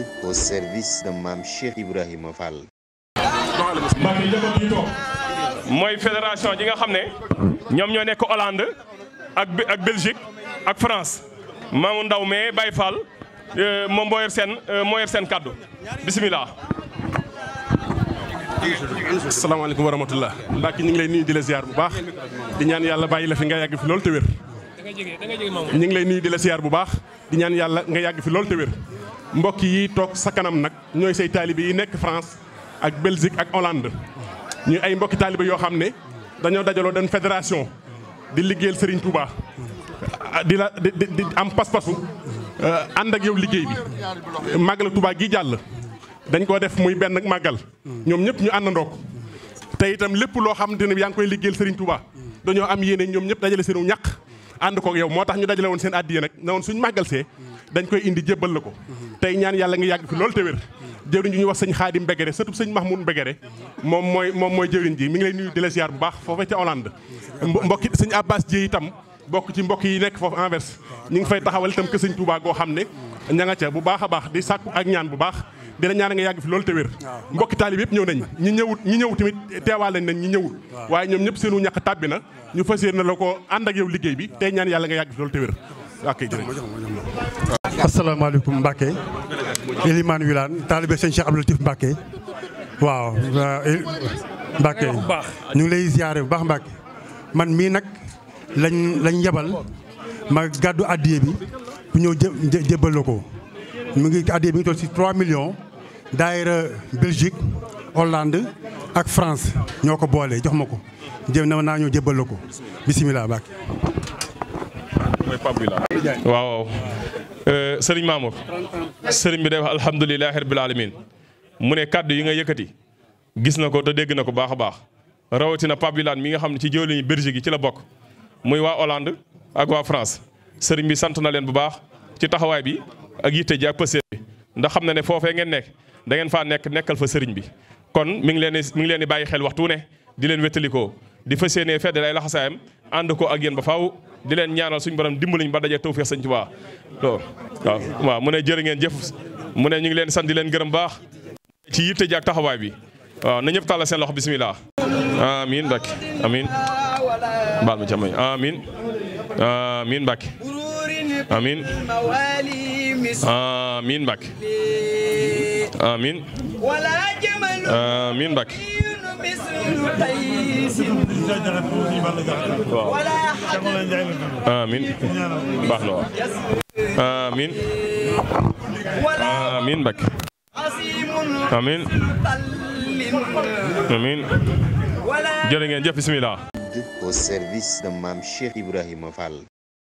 Mouride au service de Mame Cheikh Ibrahima Fall. mooy fédération ji nga xam ne ñoom ñoo nekk Hollande ak ak Belgique ak France maamu ndaw mais Baye Fall euh, ma moo seen euh, moo seen kàddu bisimilah. salaamaaleykum wa rahmatulah. Mbacke ñu ngi lay nuyu di la ziar bu baax di ñaan yàlla bàyyi la fi nga yàgg fi loolu te wér. ñu ngi lay nuyu di la ziar bu baax di ñaan yàlla nga yàgg fi loolu te wér. mbokk yi toog sa kanam nag ñooy say taalibe yi nekk France ak Belgique ak Hollande ñu ay mbokki taalibe yoo xam ne dañoo dajaloo den fédération di liggéeyal sëriñ Touba di la di di am pas-pasu euh, ànd ak yow liggéey bi màggal Touba gi jàll dañ koo def muy benn màggal ñoom ñëpp ñu àndandoo ko te itam lépp loo xam ne yaa ngi koy liggéeyal Serigne tubaa dañoo am yéene ñoom ñëpp dajale seenu ñàq ànd kook yow moo tax ñu dajale woon seen addiya nag ne woon suñ màggal see dañ koy indi jébbal la ko tey ñaan yàlla ngi yàgg fi loolu te wér jëwriñ ji ñuy wax sëñ xaadim Mbegere surtout sëñ Mahmoud Mbegere moom mooy moom mooy jëwriñ ji mi ngi lay nuyu di bu baax foofa ca Hollande mbokki sëñ Abbas Dieye itam bokk ci mbokk yi nekk foofu Anvers ñu ngi fay taxawal itam ke sëñ Touba goo xam ne ña nga ca bu baax a baax di sàkku ak ñaan bu baax di la ñaan nga yàgg fi loolu te wér mbokki taalib yëpp ñëw nañ ñi ñëwut ñi ñëw tamit teewaa lañ nañ ñi ñëwut waaye ñoom ñëpp seenu ñàkk tàbbi na ñu fas yéene la ko ànd ak yow liggéey bi tey ñaan yàlla nga yàgg fi loolu te wér ok jërëjëf asalaamaaleykum Mbacke Elimane Wilane taalibe sëñ Cheikh Abdou Latif Mbacke waaw eh, Mbacke ñu ngi lay ziare bu baax Mbacke man mii nag lañ lañ yebal ma gàddu addiye bi bu ñëw jë jébbal la ko mu ngi addiye bi ngi toll si 3 millions daayira Belgique Hollande ak France ñoo ko boole jox ma ko jëm na naa ñoo jëbal la ko bisimilah bàkk waaw euh, sëriñ Mamour sëriñ bi day wax alhamdulilahi rabbil mu ne kàddu yi nga yëkkati gis na ko te dégg na ko baax a baax rawatina Pape Wilane mi nga xam ne ci jëwliñu Belgique yi ci la bokk muy waa Hollande ak waa France sëriñ bi sant na leen bu baax ci taxawaay bi ak yitte ji ak pëseet bi ndax xam na ne foofee ngeen nekk dangeen ngeen faa nekk nekkal fa sëriñ bi kon mi ngi leen di ngi leen di bàyyi xel waxtu di leen wétalikoo di fas yéenee fedd ay laxasaayam ànd ko ak yéen ba faaw di leen ñaanal suñu borom dimbaliñ ba daje tawfeex sëñ Tuubaa waaw waaw mu ne ngeen jëf mu ne ñu ngi leen di sant leen gërëm baax ci yitte taxawaay bi waaw na ñëpp tàllal seen loxo bisimilah. amiin Mbacke amiin baal ma amiin amiin Mbacke waaw amiin baax na waaw amiin amiin Mbacke amiin amiin jërë ngeen jëf bismillah au service de Mame Cheikh Ibrahima Fall